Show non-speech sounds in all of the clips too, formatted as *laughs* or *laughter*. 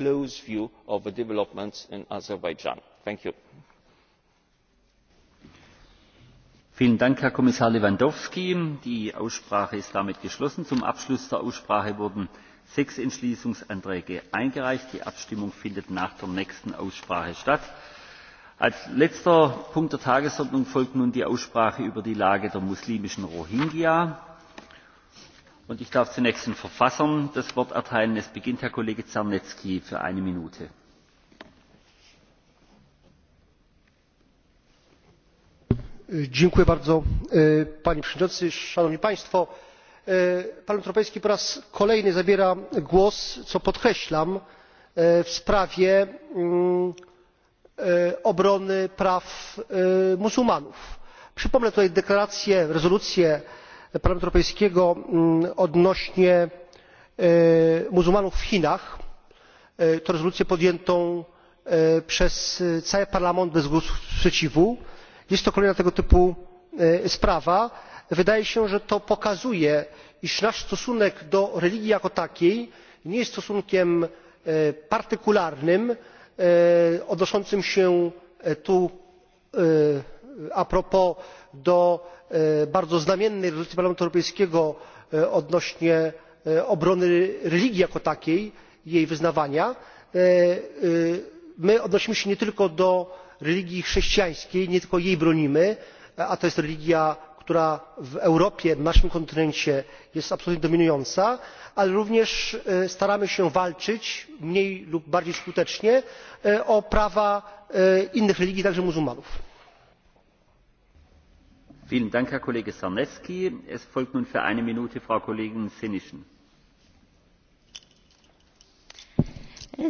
close view of developments in azerbaijan. thank you. Vielen Dank, Herr Kommissar Lewandowski. Die Aussprache ist damit geschlossen. Zum Abschluss der Aussprache wurden sechs Entschließungsanträge eingereicht. Die Abstimmung findet nach der nächsten Aussprache statt. Als letzter Punkt der Tagesordnung folgt nun die Aussprache über die Lage der muslimischen Rohingya und ich darf zunächst den verfassern das wort erteilen. es beginnt herr kollege czarnecki für eine minute. E, panie przewodniczący! szanowni państwo! E, parlament europejski po raz kolejny zabiera głos co podkreślam e, w sprawie mm, obrony praw muzułmanów. przypomnę tutaj deklarację rezolucję parlamentu europejskiego mm, odnośnie e, muzułmanów w chinach e, to rezolucję podjętą e, przez cały parlament bez głosu sprzeciwu. jest to kolejna tego typu sprawa. wydaje się że to pokazuje iż nasz stosunek do religii jako takiej nie jest stosunkiem partykularnym odnoszącym się tu a propos do e, bardzo znamiennej rezolucji parlamentu europejskiego e, odnośnie e, obrony religii jako takiej i jej wyznawania my odnosimy się nie tylko do religii chrześcijańskiej nie tylko jej bronimy a to jest religia która w europie na naszym kontynencie jest absolutnie dominująca ale również staramy się walczyć mniej lub bardziej skutecznie o prawa innych religii także muzułmanów.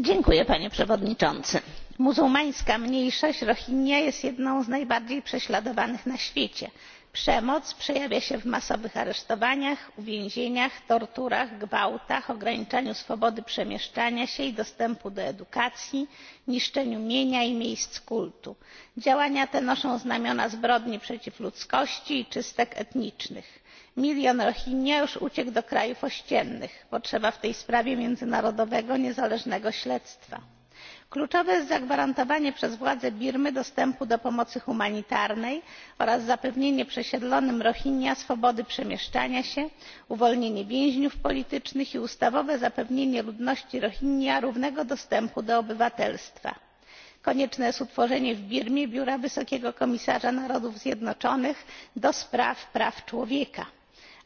Dziękuję, panie przewodniczący! muzułmańska mniejszość rohingya jest jedną z najbardziej prześladowanych na świecie przemoc przejawia się w masowych aresztowaniach uwięzieniach torturach gwałtach ograniczaniu swobody przemieszczania się i dostępu do edukacji niszczeniu mienia i miejsc kultu. działania te noszą znamiona zbrodni przeciw ludzkości i czystek etnicznych. milion rohingya już uciekł do krajów ościennych. potrzeba w tej sprawie międzynarodowego niezależnego śledztwa kluczowe jest zagwarantowanie przez władze birmy dostępu do pomocy humanitarnej oraz zapewnienie przesiedlonym rohingya swobody przemieszczania się uwolnienie więźniów politycznych i ustawowe zapewnienie ludności rohingya równego dostępu do obywatelstwa. konieczne jest utworzenie w birmie biura wysokiego komisarza narodów zjednoczonych do spraw praw człowieka.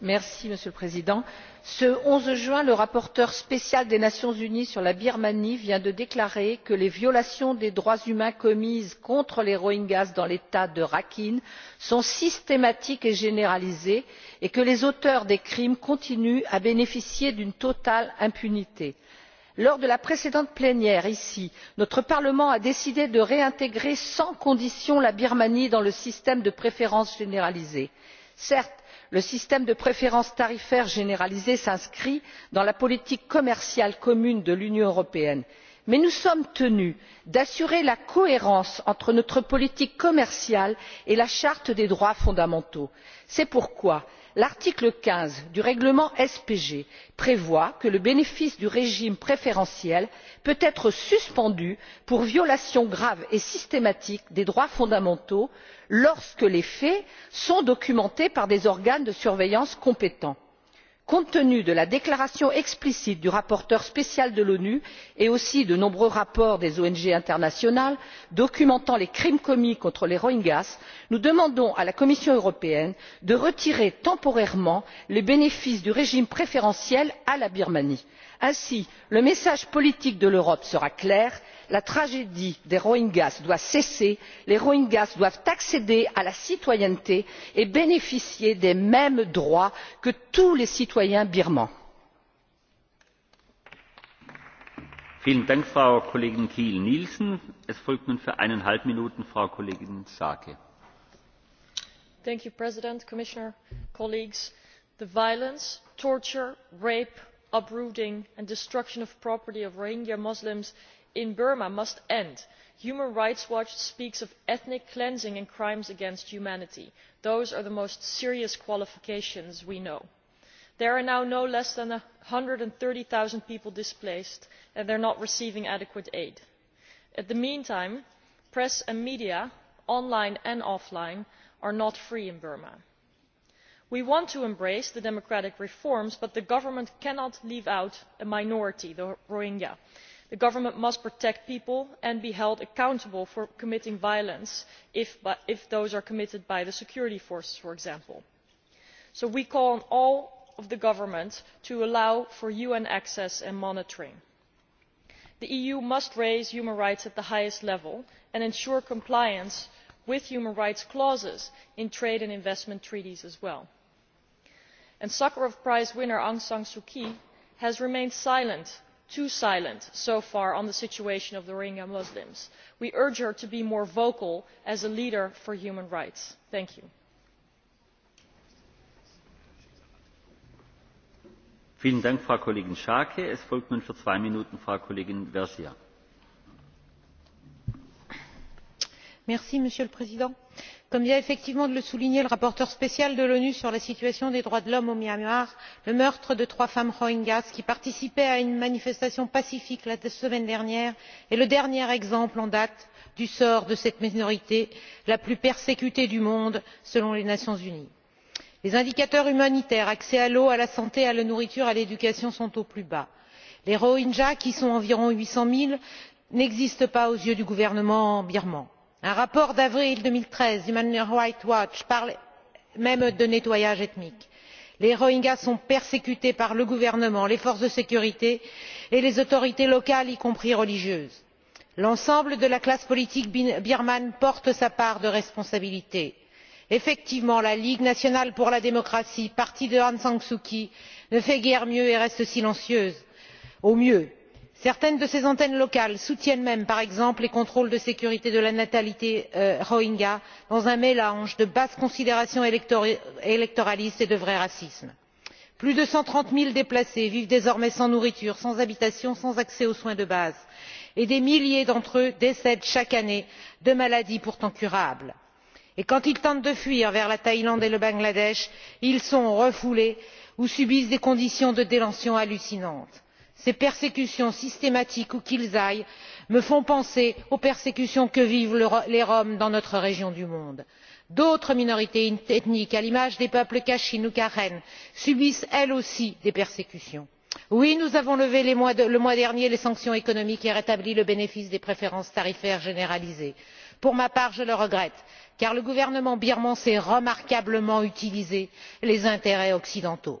monsieur le président ce onze juin le rapporteur spécial des nations unies sur la birmanie vient de déclarer que les violations des droits humains commises contre les rohingyas dans l'état de rakhine sont systématiques et généralisées et que les auteurs des crimes continuent à bénéficier d'une totale impunité. lors de la précédente plénière ici notre parlement a décidé de réintégrer sans condition la birmanie dans le système de préférences généralisées. certes le système de préférence tarifaire généralisé s'inscrit dans la politique commerciale commune de l'union européenne mais nous sommes tenus d'assurer la cohérence entre notre politique commerciale et la charte des droits fondamentaux. c'est pourquoi l'article quinze du règlement spg prévoit que le bénéfice du régime préférentiel peut être suspendu pour violation grave et systématique des droits fondamentaux lorsque les faits sont documentés par des organes de surveillance compétents compte tenu de la déclaration explicite du rapporteur spécial de l'onu et aussi de nombreux rapports des ong internationales documentant les crimes commis contre les rohingyas nous demandons à la commission européenne de retirer temporairement les bénéfices du régime préférentiel à la birmanie ainsi le message politique de l'europe sera clair la tragédie des rohingyas doit cesser les rohingyas doivent accéder à la citoyenneté et bénéficier des mêmes droits que tous les citoyens birmans. mr president commissioner colleagues the violence torture rape uprooting and destruction of property of rohingya muslims in burma must end. human rights watch speaks of ethnic cleansing and crimes against humanity. those are the most serious qualifications we know. there are now no less than one hundred and thirty people displaced and they are not receiving adequate aid. in the meantime press and media online and offline are not free in burma we want to embrace the democratic reforms but the government cannot leave out a minority the rohingya. the government must protect people and be held accountable for committing violence if those are committed by the security forces for example. so we call on all of the governments to allow for un access and monitoring. the eu must raise human rights at the highest level and ensure compliance with human rights clauses in trade and investment treaties as well and sakharov prize winner aung san suu kyi has remained silent too silent so far on the situation of the rohingya muslims. we urge her to be more vocal as a leader for human rights. thank you comme vient effectivement de le souligner le rapporteur spécial de l'onu sur la situation des droits de l'homme au myanmar le meurtre de trois femmes rohingyas qui participaient à une manifestation pacifique la semaine dernière est le dernier exemple en date du sort de cette minorité la plus persécutée du monde selon les nations unies. les indicateurs humanitaires accès à l'eau à la santé à la nourriture à l'éducation sont au plus bas. les rohingyas qui sont environ huit cents zéro n'existent pas aux yeux du gouvernement birman un rapport d'avril deux mille treize d'human rights watch parle même de nettoyage ethnique. les rohingyas sont persécutés par le gouvernement les forces de sécurité et les autorités locales y compris religieuses. l'ensemble de la classe politique birmane porte sa part de responsabilité. effectivement la ligue nationale pour la démocratie parti de aung san suu kyi ne fait guère mieux et reste silencieuse au mieux certaines de ces antennes locales soutiennent même par exemple les contrôles de sécurité de la natalité euh, Rohingya dans un mélange de basses considérations électoralistes et de vrai racisme. plus de cent trente zéro déplacés vivent désormais sans nourriture sans habitation sans accès aux soins de base et des milliers d'entre eux décèdent chaque année de maladies pourtant curables. et quand ils tentent de fuir vers la thaïlande et le bangladesh ils sont refoulés ou subissent des conditions de détention hallucinantes ces persécutions systématiques où qu'ils aillent me font penser aux persécutions que vivent les roms dans notre région du monde. d'autres minorités ethniques à l'image des peuples kachin ou karen subissent elles aussi des persécutions. oui nous avons levé le mois dernier les sanctions économiques et rétabli le bénéfice des préférences tarifaires généralisées. pour ma part je le regrette car le gouvernement birman sait remarquablement utiliser les intérêts occidentaux.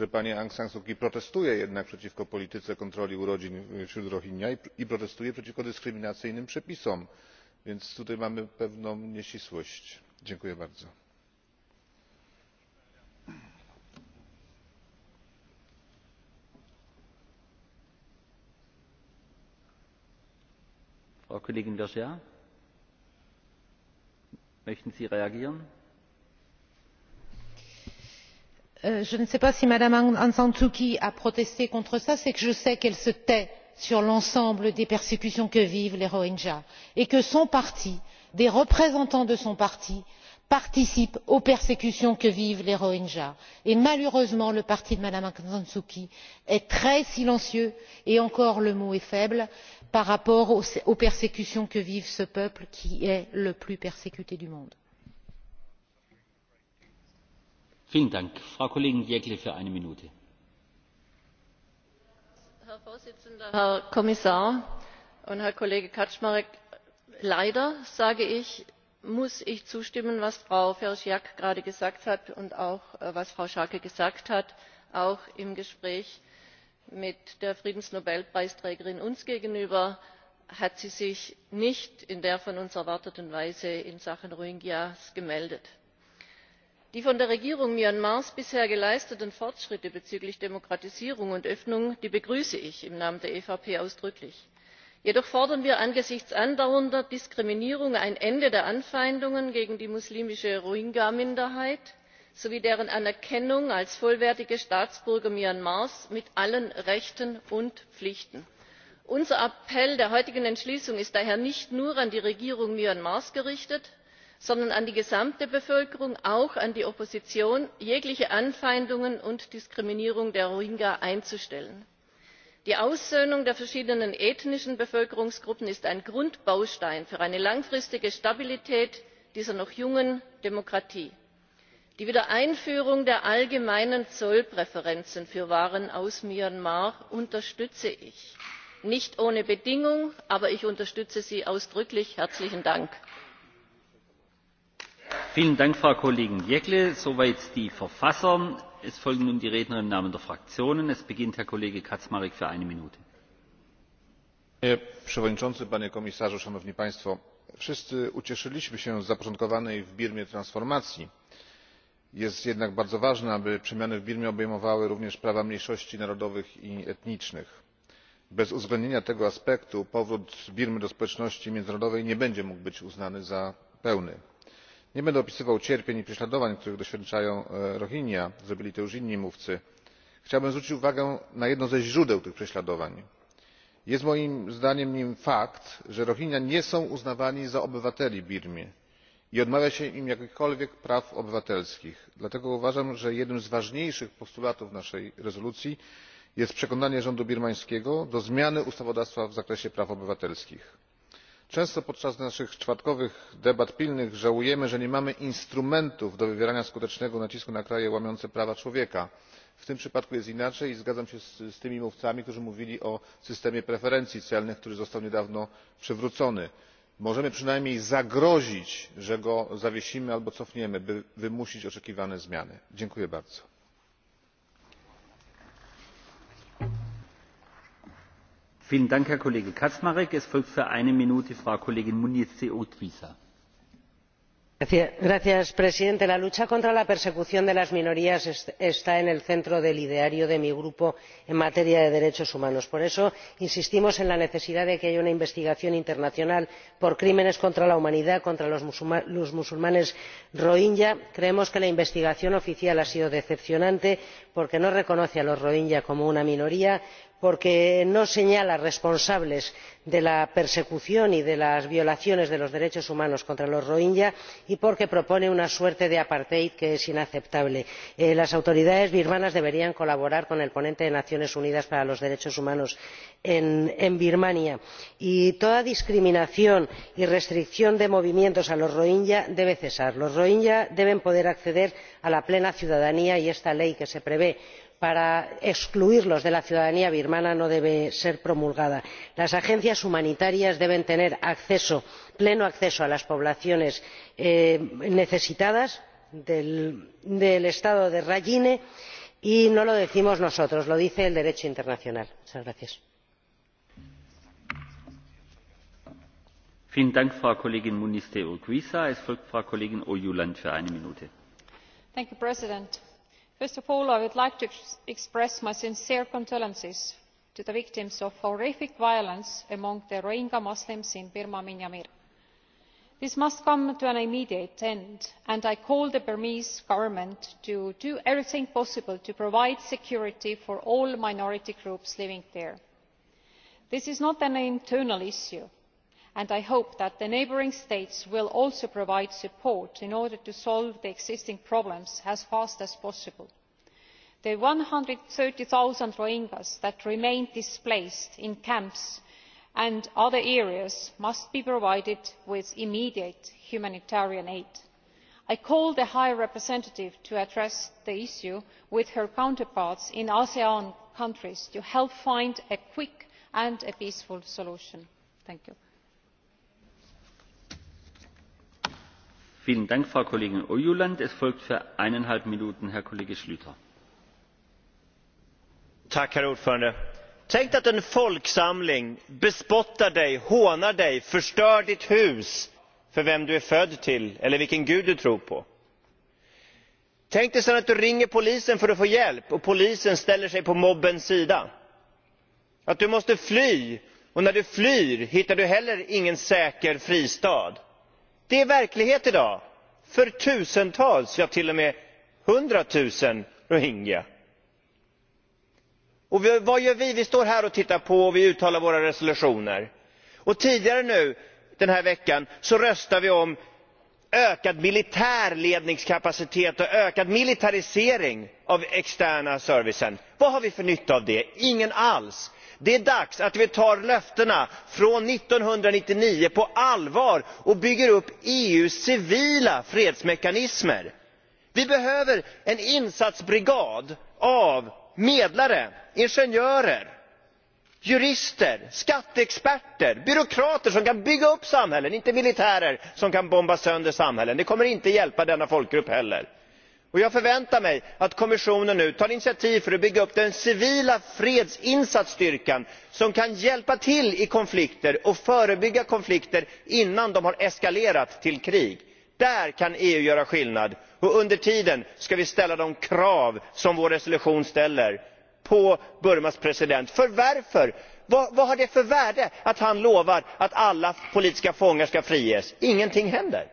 że pani aung san suu kyi protestuje jednak przeciwko polityce kontroli urodzin wśród i protestuje przeciwko dyskryminacyjnym przepisom więc tutaj mamy pewną nieścisłość. dziękuję bardzo. kolegin Euh, je ne sais pas si mme aung san suu kyi a protesté contre cela c'est que je sais qu'elle se tait sur l'ensemble des persécutions que vivent les rohingyas et que son parti des représentants de son parti participent aux persécutions que vivent les rohingyas. malheureusement le parti de mme aung san suu kyi est très silencieux et encore le mot est faible par rapport aux persécutions que vit ce peuple qui est le plus persécuté du monde. herr präsident herr kommissar und herr kollege kaczmarek! leider sage ich muss ich zustimmen was frau vergiat gerade gesagt hat und auch äh, was frau schaake gesagt hat auch im gespräch mit der friedensnobelpreisträgerin uns gegenüber hat sie sich nicht in der von uns erwarteten weise in sachen rohingya gemeldet die von der regierung myanmars bisher geleisteten fortschritte bezüglich demokratisierung und öffnung begrüße ich im namen der evp ausdrücklich. jedoch fordern wir angesichts andauernder diskriminierung ein ende der anfeindungen gegen die muslimische rohingya minderheit sowie deren anerkennung als vollwertige staatsbürger myanmars mit allen rechten und pflichten. unser appell der heutigen entschließung ist daher nicht nur an die regierung myanmars gerichtet sondern an die gesamte bevölkerung auch an die opposition jegliche anfeindungen und diskriminierung der rohingya einzustellen. die aussöhnung der verschiedenen ethnischen bevölkerungsgruppen ist ein grundbaustein für eine langfristige stabilität dieser noch jungen demokratie. die wiedereinführung der allgemeinen zollpräferenzen für waren aus myanmar unterstütze ich nicht ohne bedingung aber ich unterstütze sie ausdrücklich herzlichen dank! vielen dank frau kollegin soweit die es folgen nun die redner im namen der fraktionen. es beginnt herr kollege für eine minute. panie przewodniczący! panie komisarzu! szanowni państwo! wszyscy ucieszyliśmy się z zapoczątkowanej w birmie transformacji. jest jednak bardzo ważne aby przemiany w birmie obejmowały również prawa mniejszości narodowych i etnicznych. bez uwzględnienia tego aspektu powrót birmy do społeczności międzynarodowej nie będzie mógł być uznany za pełny nie będę opisywał cierpień i prześladowań których doświadczają e, rohingya zrobili to już inni mówcy. chciałbym zwrócić uwagę na jedno ze źródeł tych prześladowań. jest moim zdaniem nim fakt że rohingya nie są uznawani za obywateli birmy i odmawia się im jakichkolwiek praw obywatelskich. dlatego uważam że jednym z ważniejszych postulatów naszej rezolucji jest przekonanie rządu birmańskiego do zmiany ustawodawstwa w zakresie praw obywatelskich często podczas naszych czwartkowych debat pilnych żałujemy że nie mamy instrumentów do wywierania skutecznego nacisku na kraje łamiące prawa człowieka. w tym przypadku jest inaczej i zgadzam się z tymi mówcami którzy mówili o systemie preferencji celnych który został niedawno przywrócony. możemy przynajmniej zagrozić że go zawiesimy albo cofniemy by wymusić oczekiwane zmiany. dziękuję bardzo. señor presidente la lucha contra la persecución de las minorías está en el centro del ideario de mi grupo en materia de derechos humanos. por eso insistimos en la necesidad de que haya una investigación internacional por crímenes contra la humanidad contra los musulmanes rohinyá. creemos que la investigación oficial ha sido decepcionante porque no reconoce a los rohinyá como una minoría; porque no señala responsables de la persecución y de las violaciones de los derechos humanos contra los rohingya y porque propone una suerte de apartheid que es inaceptable. Eh, las autoridades birmanas deberían colaborar con el ponente de las naciones unidas para los derechos humanos en birmania y toda discriminación y restricción de movimientos a los rohingya debe cesar. los rohingya deben poder acceder a la plena ciudadanía y esta ley que se prevé para excluirlos de la ciudadanía birmana no debe ser promulgada. las agencias humanitarias deben tener pleno acceso a las poblaciones eh, necesitadas del estado de rakhine y no lo decimos nosotros lo dice el derecho internacional first of all i would like to express my sincere condolences to the victims of horrific violence among the rohingya muslims in burma myanmar. this must come to an immediate end and i call on the burmese government to do everything possible to provide security for all minority groups living there. this is not an internal issue and i hope that the neighbouring states will also provide support in order to solve the existing problems as fast as possible. the one hundred thirty zero rohingyas that remain displaced in camps and other areas must be provided with immediate humanitarian aid. i call on the high representative to address the issue with her counterparts in asean countries to help find a quick and peaceful solution. Herr Tänk att en folksamling bespottar dig, hånar dig, förstör ditt hus för vem du är född till eller vilken gud du tror på. Tänk dig sedan att du ringer polisen för att få hjälp och polisen ställer sig på mobbens sida. Att du måste fly och när du flyr hittar du heller ingen säker fristad det är verklighet i dag för tusentals ja till och med hundratusen rohingya. vad gör vi? vi står här och tittar på och vi uttalar våra resolutioner. tidigare nu, den här veckan så röstar vi om ökad militär ledningskapacitet och ökad militarisering av externa servicen. vad har vi för nytta av det? ingen alls! det är dags att vi tar löftena från 1999 på allvar och bygger upp EU:s civila fredsmekanismer. Vi behöver en insatsbrigad av medlare, ingenjörer, jurister, skatteexperter och byråkrater som kan bygga upp samhällen inte militärer som kan bomba sönder samhällen. Det kommer inte att hjälpa denna folkgrupp heller jag förväntar mig att kommissionen nu tar initiativ för att bygga upp den civila fredsinsatsstyrkan som kan hjälpa till i konflikter och förebygga konflikter innan de har eskalerat till krig. där kan eu göra skillnad. under tiden ska vi ställa de krav som vår resolution ställer på burmas president. vad har det för värde att han lovar att alla politiska fångar ska friges? ingenting händer.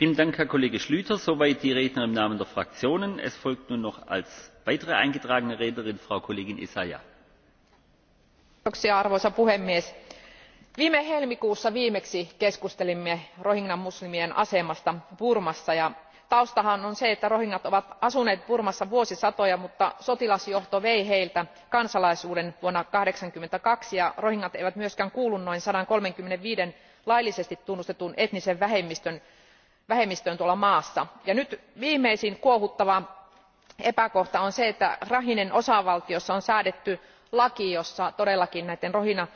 Vielen Dank, Herr Kollege Schlüter. Soweit die Redner im Namen der Fraktionen. Es folgt nun noch als weitere eingetragene Rednerin Frau Kollegin Isaya. Arvoisa puhemies. Viime helmikuussa viimeksi keskustelimme Rohingyan muslimien asemasta Burmassa ja taustahan on se että rohingat ovat asuneet burmassa vuosisatoja mutta sotilasjohto vei heiltä kansalaisuuden vuonna tuhat yhdeksänsataakahdeksankymmentäkaksi ja rohingyat eivät myöskään kuulu noin 135 laillisesti tunnustetun etnisen vähemmistön vähemmistöön tuolla maassa. nyt viimeisin kuohuttava epäkohta on se että rakhinen osavaltiossa on säädetty laki jossa todellakin näille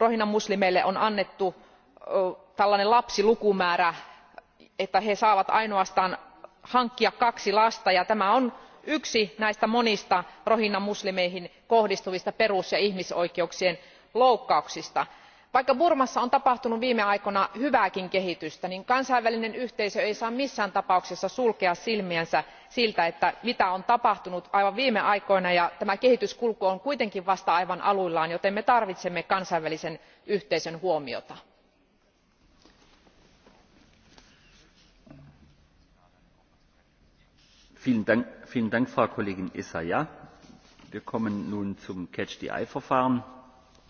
rohingya muslimeille on annettu tällainen lapsilukumäärä että he saavat ainoastaan hankkia kaksi lasta ja tämä on yksi näistä monista rohingya muslimeihin kohdistuvista perus ja ihmisoikeuksien loukkauksista vaikka burmassa on tapahtunut viime aikoina hyvääkin kehitystä niin kansainvälinen yhteisö ei saa missään tapauksessa sulkea silmiänsä siltä mitä on tapahtunut aivan viime aikoina ja tämä kehityskulku on kuitenkin vasta aivan aluillaan joten me tarvitsemme kansainvälisen yhteisön huomiota. wir kommen nun zum catch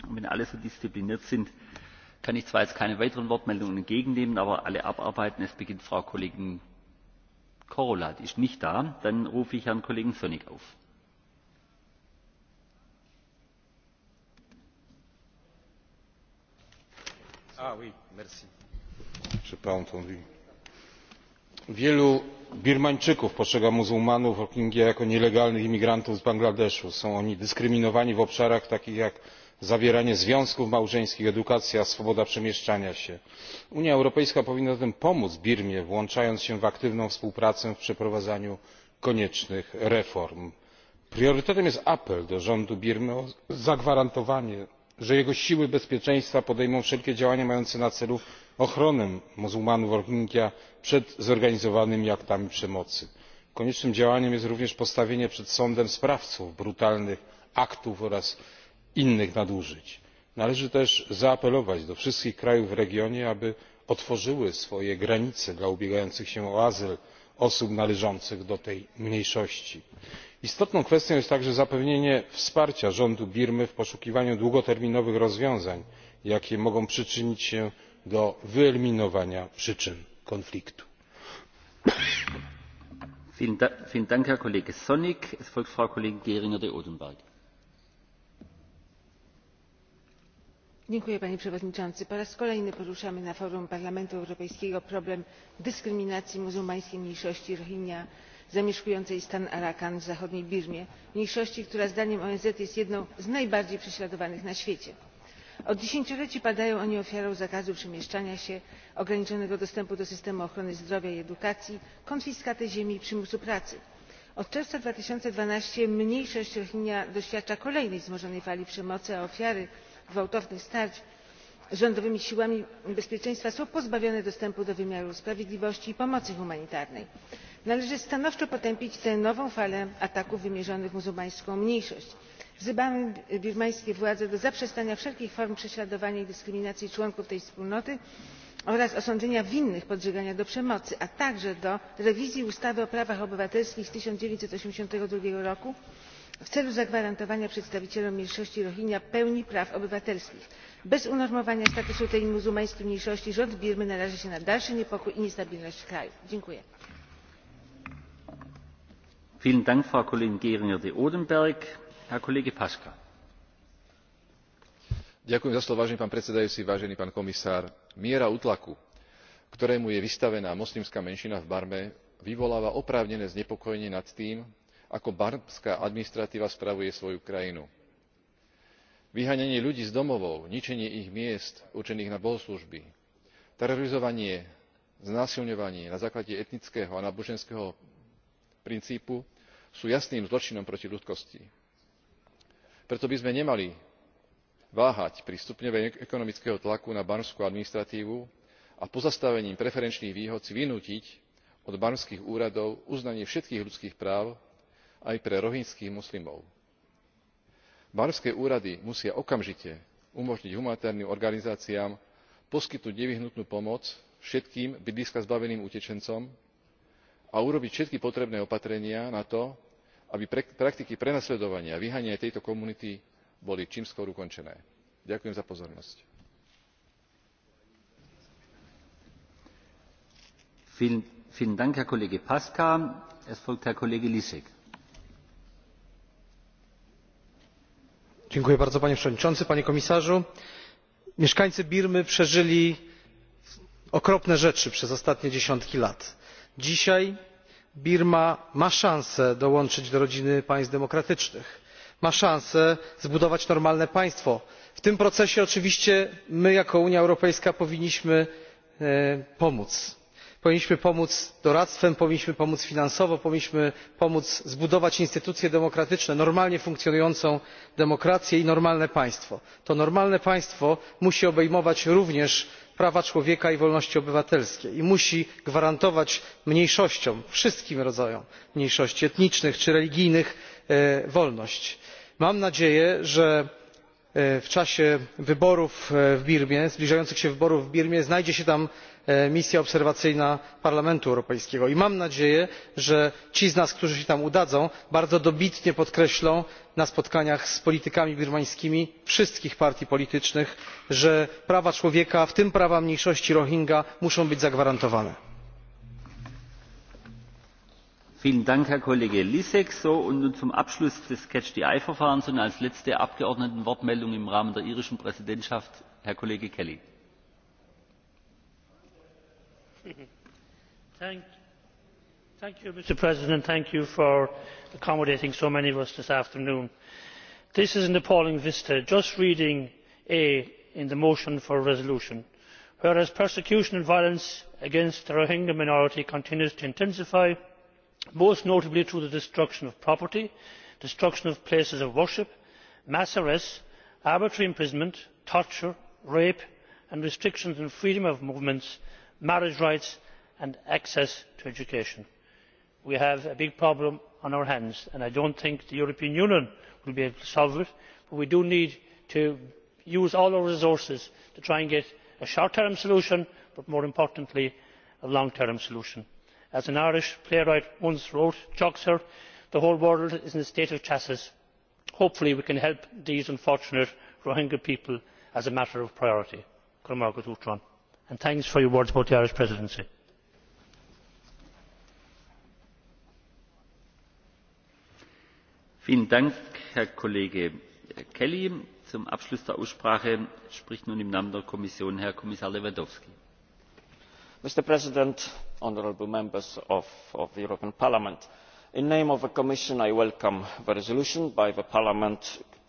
wenn alle so diszipliniert sind, kann ich zwar jetzt keine weiteren Wortmeldungen entgegennehmen, aber alle abarbeiten. Es beginnt Frau Kollegin korhola die ist nicht da. Dann rufe ich Herrn Kollegen sonik auf. Ah, Wielu Birmańczyków postrzega muzułmanów Rohingya jako nielegalnych imigrantów z Bangladeszu. Są oni dyskryminowani w obszarach takich jak zawieranie związków małżeńskich edukacja swoboda przemieszczania się. unia europejska powinna zatem pomóc birmie włączając się w aktywną współpracę w przeprowadzaniu koniecznych reform. priorytetem jest apel do rządu birmy o zagwarantowanie że jego siły bezpieczeństwa podejmą wszelkie działania mające na celu ochronę muzułmanów rohingja przed zorganizowanymi aktami przemocy. koniecznym działaniem jest również postawienie przed sądem sprawców brutalnych aktów oraz innych nadużyć. należy też zaapelować do wszystkich krajów w regionie aby otworzyły swoje granice dla ubiegających się o azyl osób należących do tej mniejszości. istotną kwestią jest także zapewnienie wsparcia rządu birmy w poszukiwaniu długoterminowych rozwiązań jakie mogą przyczynić się do wyeliminowania przyczyn konfliktu. panie przewodniczący! po raz kolejny poruszamy na forum parlamentu europejskiego problem dyskryminacji muzułmańskiej mniejszości Rohingya zamieszkującej stan arakan w zachodniej birmie mniejszości która zdaniem onz jest jedną z najbardziej prześladowanych na świecie. od dziesięcioleci padają oni ofiarą zakazu przemieszczania się ograniczonego dostępu do systemu ochrony zdrowia i edukacji konfiskaty ziemi i przymusu pracy. od czerwca dwa tysiące dwanaście mniejszość rohingya doświadcza kolejnej wzmożonej fali przemocy a ofiary gwałtownych starć rządowymi siłami bezpieczeństwa są pozbawione dostępu do wymiaru sprawiedliwości i pomocy humanitarnej. należy stanowczo potępić tę nową falę ataków wymierzonych w muzułmańską mniejszość. wzywamy birmańskie władze do zaprzestania wszelkich form prześladowania i dyskryminacji członków tej wspólnoty oraz osądzenia winnych podżegania do przemocy a także do rewizji ustawy o prawach obywatelskich z tysiąc dziewięćset osiemdziesiąt dwa roku w celu zagwarantowania przedstawicielom mniejszości rohingya pełni praw obywatelskich. bez unormowania statusu tej muzułmańskiej mniejszości rząd birmy naraża się na dalszy niepokój i niestabilność w kraju. dziękuję. miera útlaku ktorému je vystavená moslimská menšina v barme vyvoláva oprávnené znepokojenie nad tým ako barmská administratíva spravuje svoju krajinu. vyháňanie ľudí z domovov ničenie ich miest určených na bohoslužby terorizovanie znásilňovanie na základe etnického a náboženského princípu sú jasným zločinom proti ľudskosti. preto by sme nemali váhať pri stupňovaní ekonomického tlaku na barmskú administratívu a pozastavením preferenčných výhod si vynútiť od barmských úradov uznanie všetkých ľudských práv aj pre rohingských moslimov. barmské úrady musia okamžite umožniť humanitárnym organizáciám poskytnúť nevyhnutnú pomoc všetkým bydliska zbaveným utečencom a urobiť všetky potrebné opatrenia na to aby praktiky prenasledovania a vyháňania tejto komunity boli čím skôr ukončené. ďakujem za pozornosť. panie przewodniczący! panie komisarzu! mieszkańcy birmy przeżyli okropne rzeczy przez ostatnie dziesiątki lat. dzisiaj birma ma szansę dołączyć do rodziny państw demokratycznych ma szansę zbudować normalne państwo. w tym procesie oczywiście my jako unia europejska powinniśmy e, pomóc powinniśmy pomóc doradztwem powinniśmy pomóc finansowo powinniśmy pomóc zbudować instytucje demokratyczne normalnie funkcjonującą demokrację i normalne państwo. to normalne państwo musi obejmować również prawa człowieka i wolności obywatelskie i musi gwarantować mniejszościom wszystkim rodzajom mniejszości etnicznych czy religijnych e, wolność. mam nadzieję że E, w czasie wyborów e, w birmie zbliżających się wyborów w birmie znajdzie się tam e, misja obserwacyjna parlamentu europejskiego i mam nadzieję że ci z nas którzy się tam udadzą bardzo dobitnie podkreślą na spotkaniach z politykami birmańskimi wszystkich partii politycznych że prawa człowieka w tym prawa mniejszości Rohingya, muszą być zagwarantowane. Vielen Dank, Herr Kollege Lisek. und zum Abschluss des Catch the Eye Verfahrens und als letzte Abgeordnetenwortmeldung im Rahmen der irischen Präsidentschaft Herr Kollege Kelly. *laughs* Thank, thank you, Mr. President. Thank you for accommodating so many of us this afternoon. This is an appalling vista. Just reading A in the motion for a resolution. Whereas persecution and violence against the Rohingya minority continues to intensify, most notably through the destruction of property destruction of places of worship mass arrests arbitrary imprisonment torture rape and restrictions on freedom of movement marriage rights and access to education. we have a big problem on our hands and i do not think the european union will be able to solve it but we do need to use all our resources to try and get a short term solution but more importantly a long term solution as an irish playwright once wrote chaucer the whole world is in a state of chassis'. hopefully we can help these unfortunate rohingya people as a matter of priority. thanks for your words about the irish presidency. zum abschluss aussprache spricht nun im namen der kommission herr kommissar lewandowski mr president honourable members of, the european parliament in the name of the commission i welcome the resolution by parliament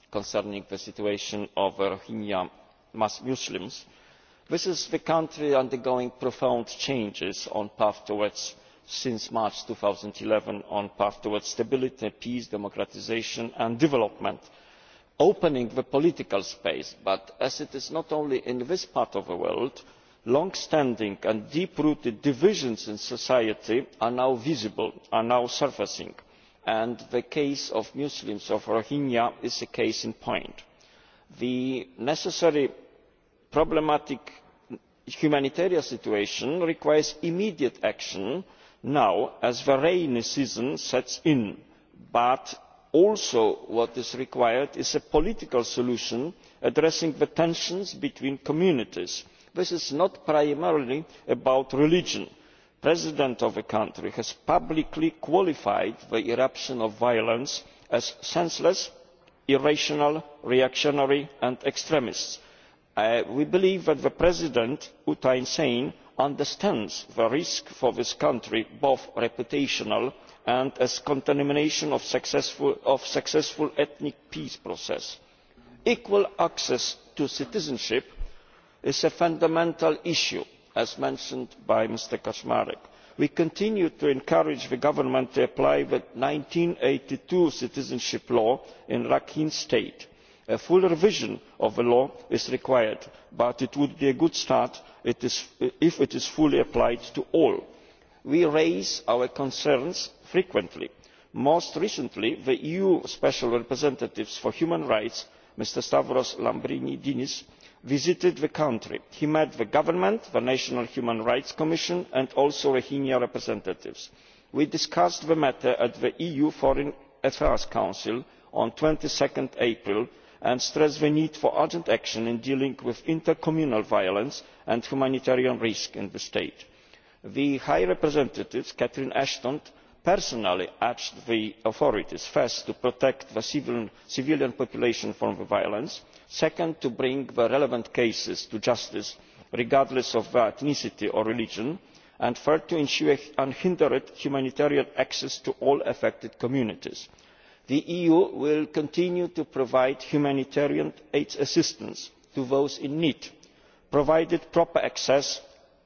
concerning the situation of rohingya muslims. this is the country undergoing profound changes on path towards since march two eleven on the path towards stability peace democratisation and development opening the political space but as it is not only in this part of the world long standing and deep rooted divisions in society are now visible are now surfacing and the case of muslims of rohingya is a case in point. the necessary problematic humanitarian situation requires immediate action now as the rainy season sets in but also what is required is a political solution addressing the tensions between communities this is not primarily about religion. the president of the country has publicly qualified the eruption of violence as senseless irrational reactionary and extremist'. Uh, we believe that president u thein sein understands the risk for this country both reputational and as contamination of a successful ethnic peace process. equal access to citizenship is a fundamental issue as mentioned by mr kaczmarek. we continue to encourage the government to apply the one thousand nine hundred and eighty two citizenship law in rakhine state. a full revision of the law is required but it would be a good start if it is fully applied to all. we raise our concerns frequently. most recently the eu special representative for human rights mr stavros lambrinidis visited the country. he met the government the national human rights commission and also rohingya representatives. we discussed the matter at the eu foreign affairs council on twenty two april and stressed the need for urgent action in dealing with intercommunal violence and humanitarian risk in the state. the high representative catherine ashton personally urged the authorities first to protect the civilian population from violence second to bring the relevant cases to justice regardless of their ethnicity or religion and third to ensure unhindered humanitarian access to all affected communities. the eu will continue to provide humanitarian aid assistance to those in need provided proper access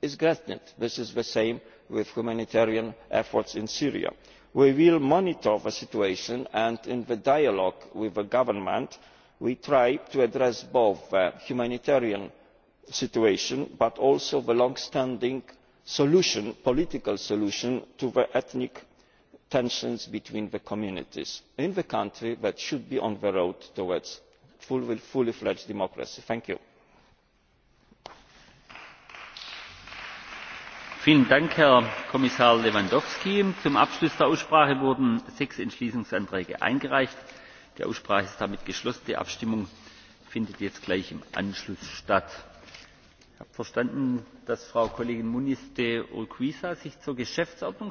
is granted. this is the same with humanitarian efforts in syria. we will monitor the situation and in the dialogue with the government we try to address both the humanitarian situation but also the long standing solution political solution to the ethnic tensions between the communities in the country that should be on the road towards fully fledged democracy. thank you. Vielen Dank, Herr Kommissar Lewandowski. Zum Abschluss der Aussprache wurden sechs Entschließungsanträge eingereicht. Die Aussprache ist damit geschlossen. Die Abstimmung findet jetzt gleich im Anschluss statt. Ich habe verstanden, dass Frau Kollegin Muniste Urquiza sich zur Geschäftsordnung